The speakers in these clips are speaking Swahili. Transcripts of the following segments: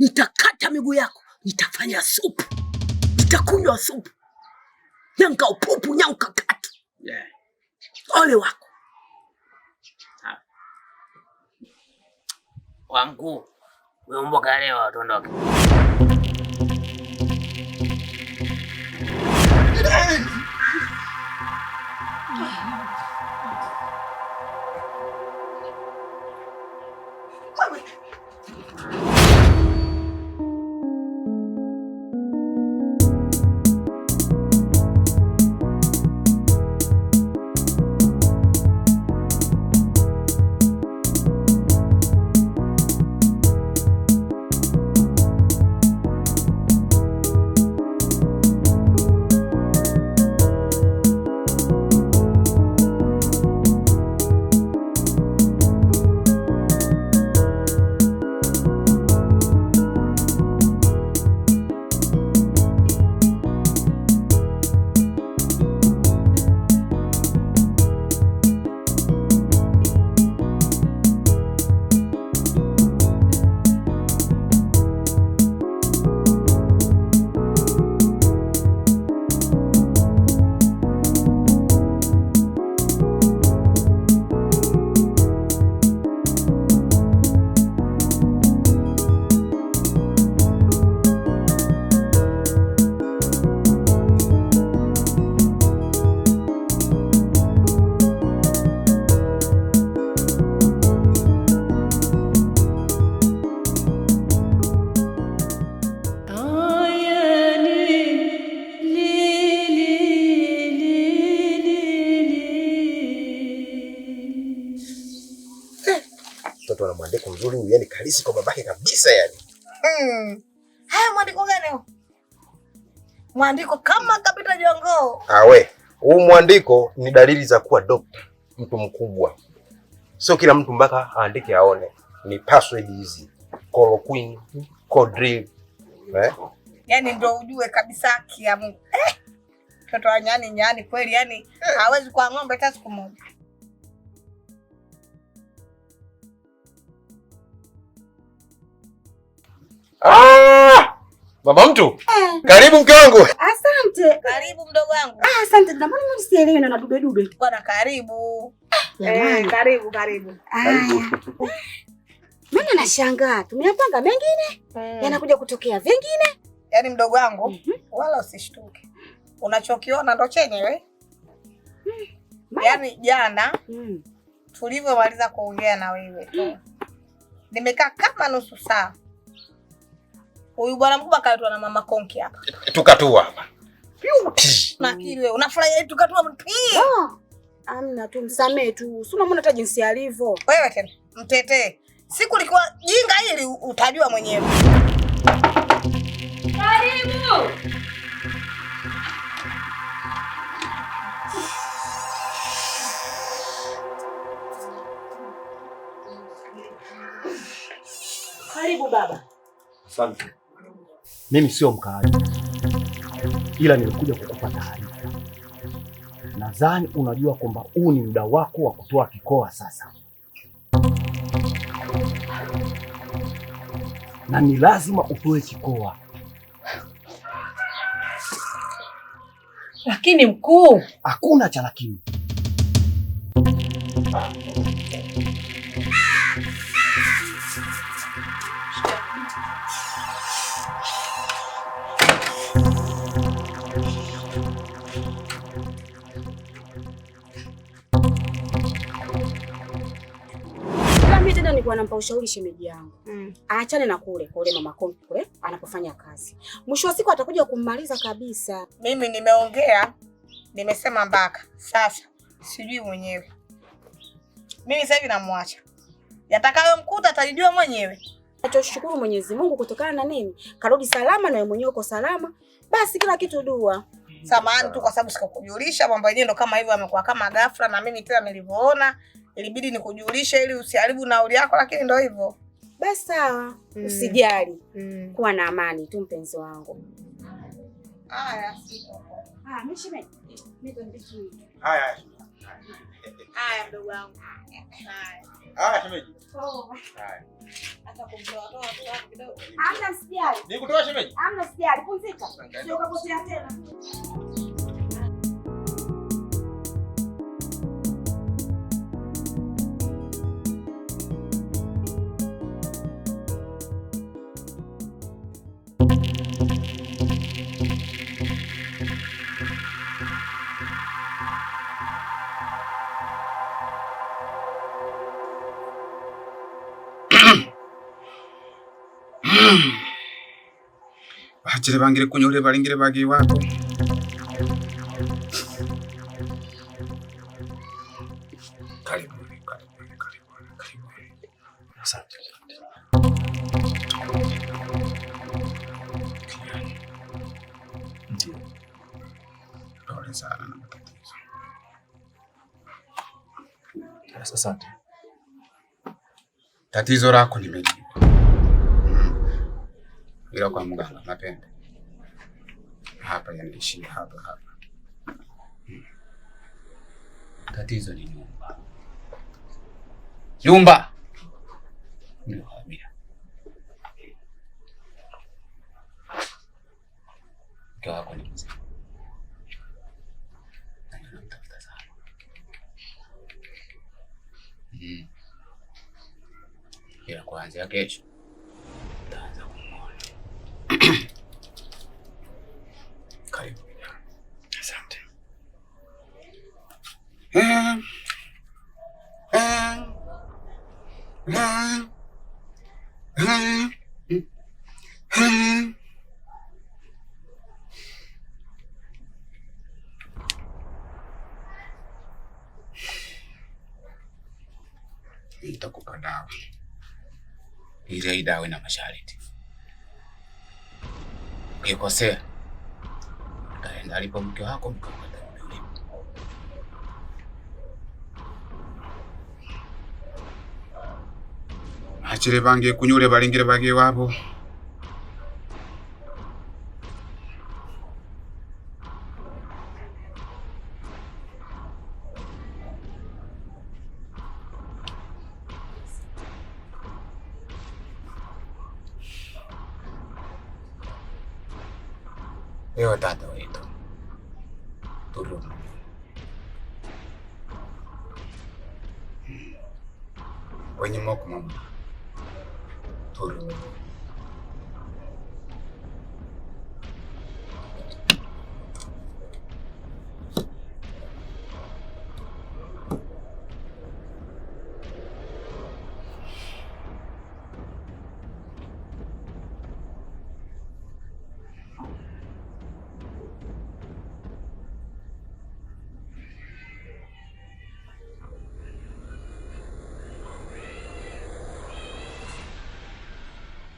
nitakata miguu yako, nitafanya supu, nitakunywa supu nyanka upupu nyanka katu yeah. Ole wako Wangu umboka leo mtoto ana mwandiko mzuri huyu, yani kalisi kwa babake kabisa yani. Mm. Haya mwandiko gani huo? Mwandiko kama kapita jongoo. Ah we, huu mwandiko ni dalili za kuwa dokta, mtu mkubwa. Sio kila mtu mpaka aandike aone. Ni password hizi. call drill. Eh? Yaani ndio ujue kabisa kiamu. Eh. Mtoto wa nyani nyani kweli yani eh! hawezi kwa ng'ombe hata siku moja. Ah! Mama mtu. Eh. Karibu mke wangu. Asante. Karibu mdogo wangu. Ah, asante. mbona mimi sielewi na dube dube? Bwana karibu. Ah, eh, karibu karibu. Karibu. Mimi nashangaa. Tumeyapanga mengine mm, yanakuja kutokea vingine. Yaani mdogo wangu, mm -hmm. Wala usishtuke. Unachokiona ndo chenyewe. Mm. Yaani jana mm, tulivyomaliza kuongea na wewe tu. Mm. Nimekaa kama nusu saa Huyu bwana mkubwa kaletwa na mama Konki hapa. Tukatua. hapa. Beauty. Na ile unafurahia tukatua. mpi? Ah. Amna tu msamee tu. Si unamwona hata jinsi alivyo. Wewe tena mtetee. Siku likuwa jinga hili utajua mwenyewe. Karibu. Karibu baba. Asante. Mimi sio mkaaji, ila nilikuja kukupa taarifa. Nadhani unajua kwamba huu ni muda wako wa kutoa kikoa sasa, na ni lazima utoe kikoa. Lakini mkuu, hakuna cha lakini. nilikuwa yaani nampa ushauri shemeji yangu mm. aachane na kule kwa ule mama kongwe kule anapofanya kazi, mwisho wa siku atakuja kummaliza kabisa. Mimi nimeongea, nimesema mpaka sasa, sijui mwenyewe. Mimi sasa hivi namwacha, yatakayomkuta atajijua mwenyewe. Nachoshukuru Mwenyezi Mungu kutokana na nini, karudi salama na wewe mwenyewe uko salama, basi kila kitu dua samani tu kwa sababu sikukujulisha, mambo yenyewe ndo kama hivyo, amekuwa kama ghafla, na mimi tena nilivyoona ilibidi nikujulishe ili usiharibu nauli yako, lakini ndo hivyo basi. Sawa, mm. Usijali mm. Kuwa na amani tu mpenzi wangu. Haya, ah, mdogo wangu Nikutoa shemeji? Amna, sijali. Pumzika. Sio kapotea tena. bajire bangire kunyore balingire bagi Asante. Tatizo lako nimejua ila kwa mganga napenda hapa yanaishia hapa hapa. Hmm. Tatizo ni nyumba, nyumba ndio hamia. Mke wako ni mzee namtafuta sana. Hmm. Ila kuanzia kesho Aida awe na masharti. Ukikosea kaenda alipo mke wako mkakata achile vange kunyule valingile vage wavo Leo dato ito. Tulong. Huwag niyo mo kumama. Tulong. Tulong.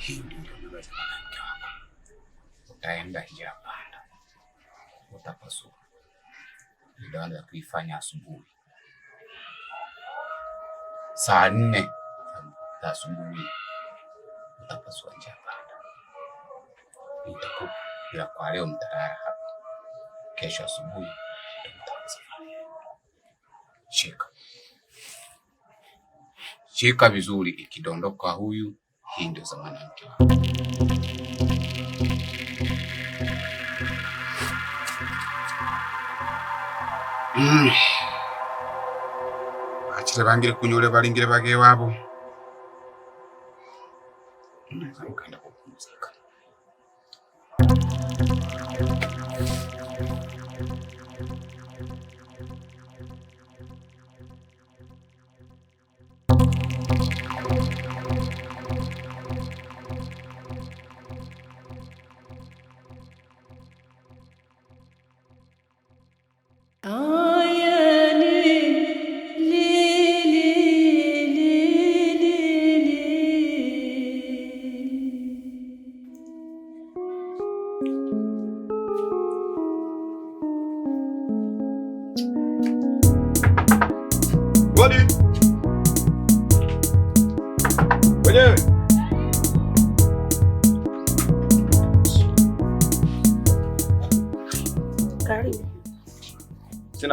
Hii ndio nimeweza na mke wako. Utaenda njia panda, utapasua ndoano ya kuifanya asubuhi saa nne za asubuhi, utapasua njia panda. Nitakupia kwa leo mtalala hapa, kesho asubuhi shika shika vizuri, ikidondoka huyu hii ndio zamani ya mke wako. Bachile mm. bangile kunyole balingile bage wabo. Naweza mkaenda kupumzika.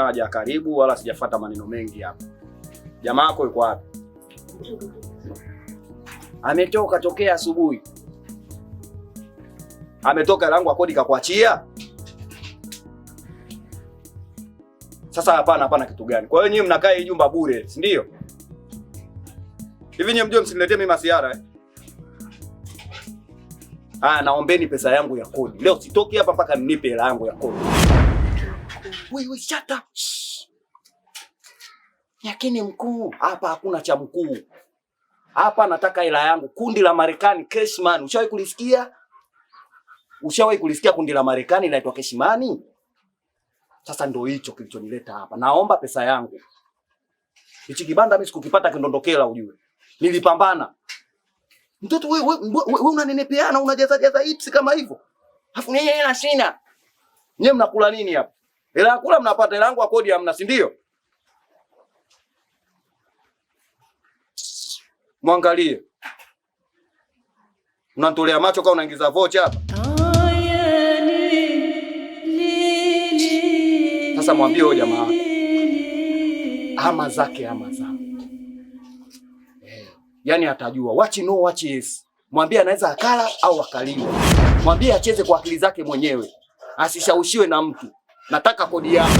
haja karibu wala sijafuata maneno mengi hapa. Jamaa yako yuko wapi? Ametoka tokea asubuhi, ametoka langu akodi kakuachia. Sasa hapana, hapana, kitu gani? Kwa hiyo nyinyi mnakaa hii jumba bure, si ndio? Hivi nyinyi mjue, msiniletee mimi masiara eh? Ah, naombeni pesa yangu ya kodi leo, sitoki hapa mpaka mnipe hela yangu ya kodi. Wewe shut up. Yakini mkuu, hapa hakuna cha mkuu. Hapa nataka hela yangu. Kundi la Marekani Cashman, ushawahi kulisikia? Ushawahi kulisikia kundi la Marekani linaitwa Cashman? Sasa ndio hicho kilichonileta hapa. Naomba pesa yangu. Hichi kibanda mimi sikukipata kindondokela, ujue nilipambana. Mtoto wewe wewe we, unanenepeana, unajaza jaza hips kama hivyo, afu yeye hela sina. Nyewe mnakula nini hapa? Hela kula mnapata, hela yangu ya kodi hamna, si ndio? Mwangalie, mnatolea macho kama unaingiza vocha hapa. Sasa mwambie huyo jamaa ama zake ama zangu, eh, yaani atajua wachi no wachi yes. Mwambie anaweza akala au akaliwa, mwambie acheze kwa akili zake mwenyewe, asishawishiwe na mtu nataka kodi yako.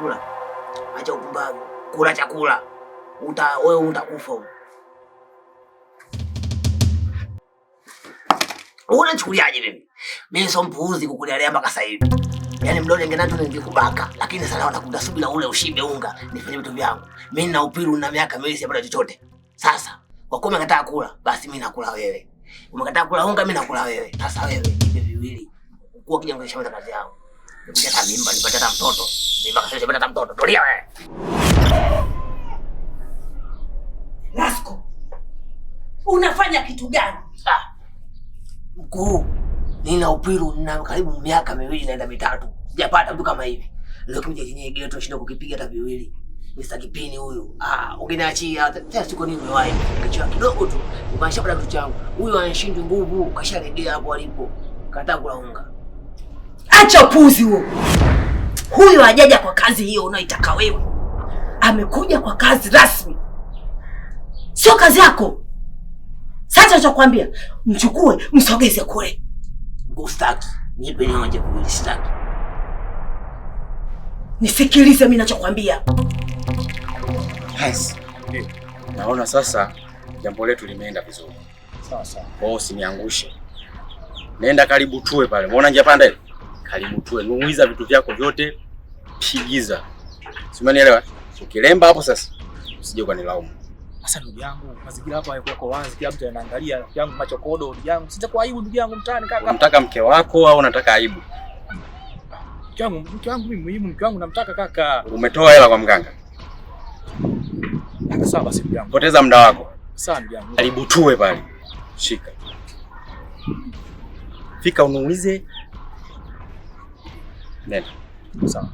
kula, acha upumbavu, kula chakula. Uta wewe utakufa. Unachukuliaje mimi? Mimi sio mpuuzi kukulalea mpaka sasa hivi. Yaani mdole tu ningekubaka, lakini sasa naona kuna subira ule ushibe unga, nifanye vitu vyangu. Mimi nina upiru na miaka miwili sijapata chochote. Sasa, kwa kuwa umekataa kula, basi mimi nakula wewe. Umekataa kula unga, mimi nakula wewe. Sasa wewe nipe viwili. Kwa kija ngoja shamba kazi yao. Nipate hata mimba, nipate hata mtoto. Mimba kasha nipate hata mtoto. Tulia wewe. Lasko. Unafanya kitu gani? Ah. Mkuu. Nina upiru na karibu miaka miwili naenda mitatu. Sijapata mtu kama hivi. Leo kimje chenye geto shinda kukipiga hata viwili. Mr. Kipini huyu. Ah, ungeniachia hata siko nini wewe. Kichwa kidogo tu. Ukasha kwa kitu changu. Huyu anashindwa nguvu, kasharegea hapo alipo. Kataa kula unga. Acha upuzi huo. Huyu hajaja kwa kazi hiyo unaoitaka wewe. Amekuja kwa kazi rasmi. Sio kazi yako. Sasa nitakwambia, mchukue msogeze kule. Ustaki nipe niaje kulistaki. Nisikilize mimi ninachokwambia. Yes. Eh, naona sasa jambo letu limeenda vizuri. Sawa sawa. usiniangushe. Nenda karibu tuwe pale. Unaona njia panda ile? Karibu tuwe. Nunguiza vitu vyako vyote, pigiza. Si umenielewa? Ukilemba hapo sasa usije ukanilaumu. Sasa ndugu yangu, mazingira hapa yako wazi, kila mtu anaangalia. Ndugu yangu, macho kodo, ndugu yangu, sitakuwa aibu ndugu yangu mtaani kaka. Unataka mke wako au unataka aibu? Mke wangu, mke wangu mimi muhimu, mke wangu namtaka kaka. Umetoa hela kwa mganga? Sawa basi ndugu yangu. Poteza muda wako. Sawa ndugu yangu. Alibutue pale. Shika. Fika unuulize. Nenda. Sawa.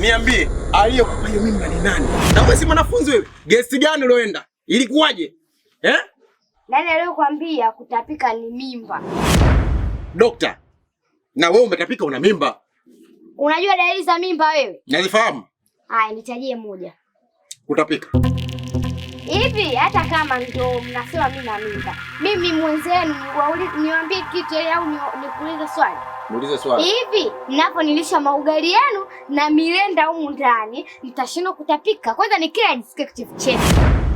Niambie, aliyekupa hiyo mimba ni nani? Na wewe si mwanafunzi wewe? Gesti gani ulioenda? Ilikuwaje? Eh? Nani aliyokuambia kutapika ni mimba? Dokta, na wewe umetapika una mimba. Unajua dalili za mimba wewe? Nazifahamu. Haya, nitajie moja. Kutapika hivi hata kama ndio mnasema mimi na mimba, mimi mwenzenu niwaambie kitu au nikuulize swali? Muulize swali. Hivi nilisha maugali yenu na milenda humu ndani, nitashindwa kutapika? Kwanza nikila jisikie kichefuchefu